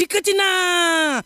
dikkati na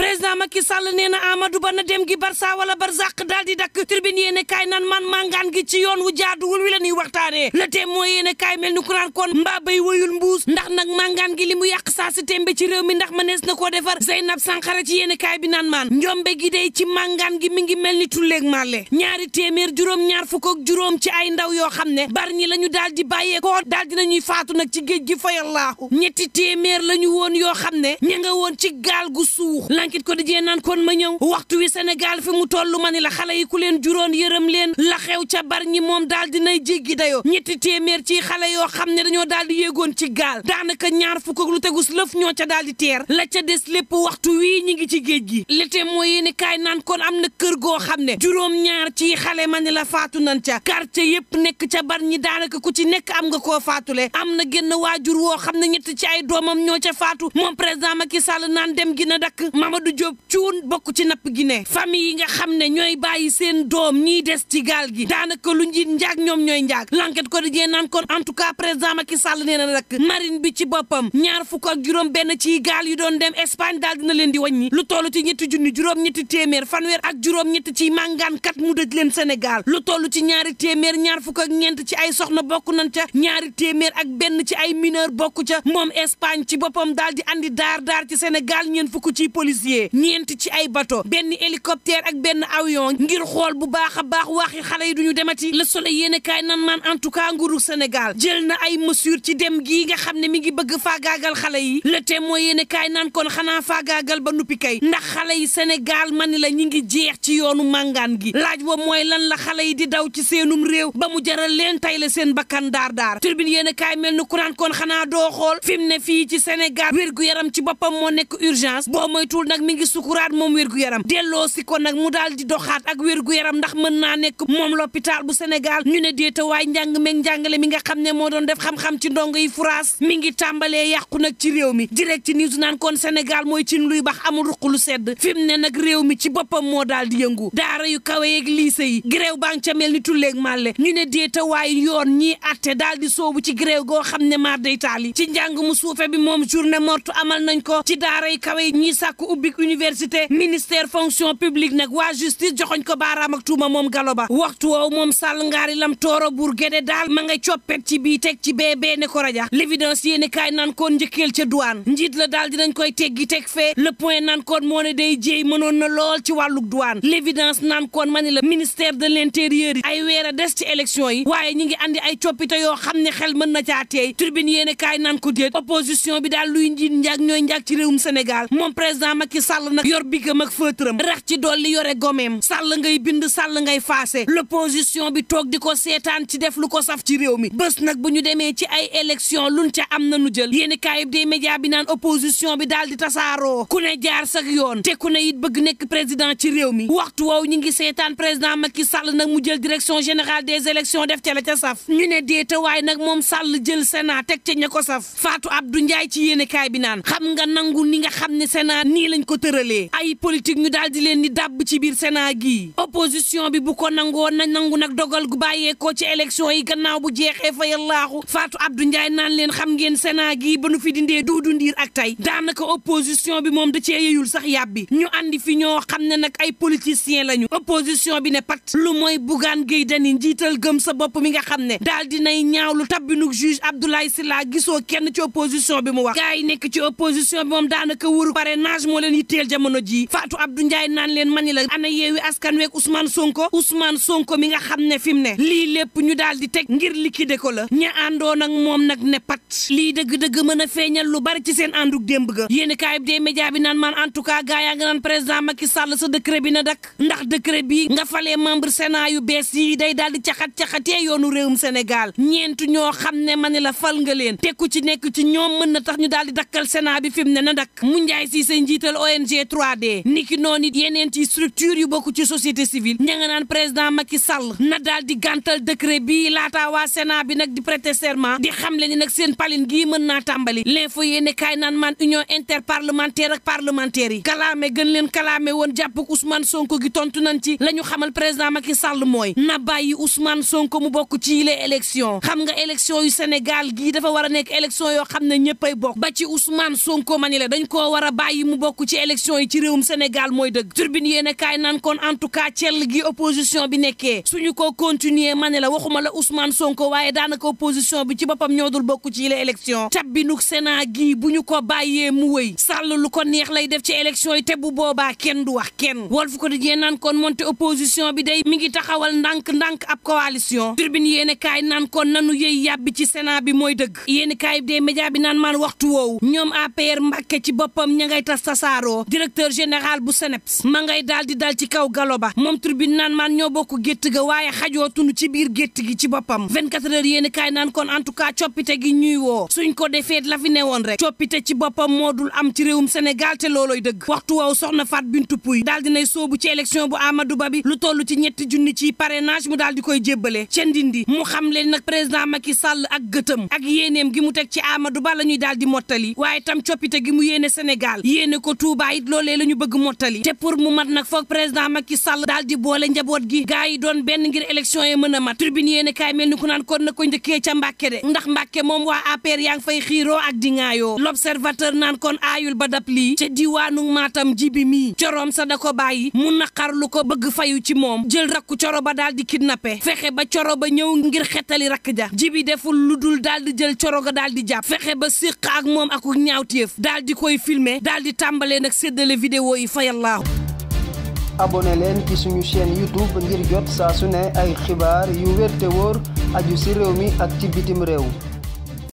président Macky Sall nee na Amadou Ba na dem gi Barça wala Barzak daal di dakk tribune yéene kaay naan man mangaan gi ci yoon wu jaaduwul wi la ñuy waxtaanee le thème mooy yéene kaay mel ni ku naan kon mbaa bay wayul mbuus ndax nag mangaan gi li mu yàq saa si tembe ci réew mi ndax mënees na koo defar Zeynab Sankara ci yéene kaay bi naan maan njombe gi day ci mangaan gi mi ngi mel ni tulleeg màlle ñaari téeméer juróom ñaar fukk ak juróom ci ay ndaw yoo xam ne bar ñi la ñu daal di bàyyee koo daal dinañuy faatu nag ci géej gi fayallaahu ñetti téeméer la ñu woon yoo ci gaal gu suux lankit ko di jee naan kon ma ñëw waxtu wi senegal fi mu toll ma ni la xale yi ku leen juróon yërëm leen la xew ca bar ñi moom daal dinay gi dayoo ñetti téeméer ci xale yoo xam ne dañoo daal di yéegoon ci gaal daanaka ñaar fukk ak lu tegus lëf ñoo ca daal di teer la ca des lépp waxtu wi ñi ngi ci géej gi léte mooy yéeni kaay naan kon am na kër goo xam ne juróom-ñaar ci xale ma ni la faatu nan ca quartier yépp nekk ca bar ñi daanaka ku ci nekk am nga koo faatule am na génn waajur woo xam ne ñett ci ay doomam ñoo ca faatu naan dem gi na dakk du Diop cuun bokk ci napp gi ne famille yi nga xam ne ñooy bàyyi seen doom ñiy des ci gaal gi daanaka lu ji njaag ñoom ñooy njaag lanket ko di jee naan kon en tout cas président Macky Sall nee na rek marine bi ci boppam ñaar fukk ak juróom benn ci gaal yi doon dem Espagne daal dina leen di waññi lu toll ci ñetti junni juróom-ñetti téeméer fanweer ak juróom-ñetti ci màngaankat mu dëj leen Sénégal lu toll ci ñaari téeméer ñaar fukk ak ñeent ci ay soxna bokk nañ ca ñaari téeméer ak benn ci ay mineur bokk ca moom Espagne ci boppam daal di andi daar daar ci Sénégal ñeent fukk ci policier ñeent ci ay bato benn hélicoptère ak benn avion ngir xool bu baax a baax waxi xale yi duñu demati le soleil yéen a nan maan en tout cas nguuru Sénégal jël na ay mesures ci dem gi nga xam ne mi ngi bëgg faagaagal xale yi le témoin yéen a nan kon xanaa faagaagal ba nuppi kay ndax xale yi Sénégal man la ñi ngi jeex ci yoonu màngaan gi laaj wa mooy lan la xale yi di daw ci seenum réew ba mu jaral leen tay la seen bakkan daar daar turbine yéen a kaay kon xanaa doo xool fi ne fii ci Sénégal wér yaram ci boppam moo ne nekk urgence boo moytuwul nag mi ngi sukuraat moom wér gu yaram delloo si ko nag mu daal di doxaat ak wér gu yaram ndax mën naa nekk moom l'hôpital bu Sénégal ñu ne déetawaay njàng meeg njàngale mi nga xam ne moo doon def xam-xam ci ndongo yi furaas mi ngi tàmbalee yàqu nag ci réew mi direct ci news naan kon Sénégal mooy cin luy bax amul ruq lu sedd fi ne nag réew mi ci boppam moo daal di yëngu daara yu kawe yeeg lycée yi gréew baa ngi ca mel ni tulleeg màlle ñu ne déetawaay yoon ñiy atte daal di soobu ci gréew goo xam ne maar day taali ci njàng mu suufe bi moom journée morte amal nañ ko ci daara yi kawe yi ñiy sàkk ubbik université ministère fonction publique nag waa justice joxoñ ko baaraam ak tuuma moom galo ba waxtu woow moom sàll ngaari lam tooro bur géde daal ma ngay coppet ci bii teg ci bee bee ne ko raja l'évidence yéeni kaay naan koon njëkkeel ca douane njiit la daal dinañ koy teggi teg fee le point naan koon moo ne day jéey mënoon na lool ci wàlluk douane l'évidence naan koon ma ni la ministère de l'intérieur yi ay weer a des ci élection yi waaye ñi ngi andi ay coppite yoo xam ne xel mën na caa teey tribune yéeni kaay naan ko déet opposition bi daal luy njiit njaag ñooy njaag ci réewum Sénégal moom président Macky Sall nag yor bigam ak fëtëram rax ci dolli yore gomeem Sall ngay bind Sall ngay faase l'opposition bi toog di ko seetaan ci def ko saf ci réew mi bés nag bu ñu demee ci ay élection luñ ca am na nu jël yéeni kaayub des médias bi naan opposition bi daal di tasaaroo ku ne jaar sak yoon te ku it bëgg nekk président ci réew mi waxtu woow ñi ngi seetaan président Macky Sall nag mu jël direction général des élections def ca la ca saf ñu ne déeta waay nag moom Sall jël Sénat teg ca ña ko saf Fatou Abdou Ndiaye ci yéeni kaay bi naan xam nga nangu ni nga xam ne Sénat nii lañ ko tëralee ay politique ñu daal di leen di dàbb ci biir Sénat gii opposition bi bu ko nangoo na nangu nag dogal gu bàyyeekoo ci élection yi gannaaw bu jeexee fa yallaaxu faatu Abdou njaay naan leen xam ngeen Sénat gii ba nu fi dindee duudu ndiir ak tey daanaka opposition bi moom da cee yeyul sax yàbbi ñu andi fi ñoo xam ne nag ay politiciens lañu opposition bi ne pat lu mooy Bougane Gueye Dany njiital gëm sa bopp mi nga xam ne daal di nay ñaawlu tabbinug juge Abdoulaye Sylla gisoo kenn ci opposition bi mu wax gaay nekk ci opposition moom daal daanaka wóoru parrainage moo leen yitteel jamono ji Fatou Abdou Ndiaye naan leen mani la ana yeewi askan week Ousmane Sonko Ousmane Sonko mi nga xam ne fi mu ne lii lépp ñu daal di teg ngir liquider ko la ña àndoon ak moom nag ne pat lii dëgg-dëgg mën a feeñal lu bari ci seen ànduk démb ga yéeni kaayib dee média bi naan maan en tout cas gaa yaa nga naan président Macky Sall sa décret bi na dak ndax décret bi nga falee membre Sénat yu bees yi day daal di caxat yee yoonu réewum Sénégal ñeentu ñoo xam ne mani la fal nga leen te ku ci nekk ci ñoom mën na tax ñu daal di dakkal Sénat bi fi mu ne na dak lakk mu njaay si sa njiital ONG 3D niki noonu it yeneen ci structure yu bokk ci société civile ña nga naan président Macky Sall na daal di gàntal décret bi laata waa Sénat bi nag di prêter serment di xamle ni nag seen palin gii mën naa tàmbali l'info yéene kaay naan man union interparlementaire ak parlementaire yi kalaame gën leen kalaame woon jàpp ak Ousmane Sonko gi tontu nañ ci la ñu xamal président Macky Sall mooy na bàyyi Ousmane Sonko mu bokk ci yile élection xam nga élection yu Sénégal gii dafa war a nekk élection yoo xam ne ñëppay bokk ba ci Ousmane Sonko mani la dañ koo war a bàyyi mu bokk ci élection yi ci réewum Sénégal mooy dëgg turbine yéen a kaay naan kon en tout cas cell ma la waxuma la Ousmane Sonko waaye daanaka opposition bi ci boppam ñoo dul bokk ci la élection tabbinuk Sénat gii bu ñu ko bàyyee mu wëy sàll lu ko neex lay def ci élection yi te bu boobaa kenn du wax kenn Walf Quotidien naan kon monte opposition bi day mi ngi taxawal ndànk-ndànk ab coalition turbine yéen a kaay naan kon nanu yëy yàbbi ci Sénat bi mooy dëgg yéen a kaay des médias bi naan maan waxtu woowu ñoom APR Mbàkke ci boppam ña ngay tas tasaaroo directeur général bu seneps ma ngay daal di dal ci kaw galo ba moom tribune naan maan ñoo bokk gétt ga waaye xajoo tunu ci biir gétt gi ci boppam 24 heures yéen kaay naan kon en tout cas coppite gi ñuy woo suñ ko defeet la fi newoon rek coppite ci boppam moo dul am ci réewum Sénégal te looloy dëgg waxtu woowu soxna Fat Bintou Pouy daal dinay soobu ci élection bu amadu Ba bi lu toll ci ñetti junni ci parrainage mu daal di koy jébbale ca Ndindi mu xam leen nag président Macky Sall ak gëtëm ak yéeneem gi mu teg ci Amadou Ba la ñuy daal di mottali waaye tam coppite gi yéene Sénégal yéene ko Touba it loolee la ñu bëgg mottali te pour mu mat nag foog président Macky Sall daal boole njaboot gi gars yi doon benn ngir élection yi mën a mat tribune yéene kaay mel ni ku naan kon na ko njëkkee ca Mbàkke de ndax Mbàkke moom waa APR yaa ngi fay xiiroo ak di ŋaayoo l'observateur naan kon aayul ba dab lii ca diwaanu Matam jibi mii coroom sa da ko bàyyi mu lu ko bëgg fayu ci moom jël rakku coro ba daal di kidnappé fexe ba coro ba ñëw ngir xettali rakk ja jibi deful lu dul daal di jël daal di jàpp fexe ba siq ak moom aku ñaawteef koy filmer daal di tàmbalee nag séddale vidéo yi fayallaahu abonné leen ci suñu chaîne youtube ngir jot saa su ne ay xibaar yu wér te wóor aju si réew mi ak ci bitim réew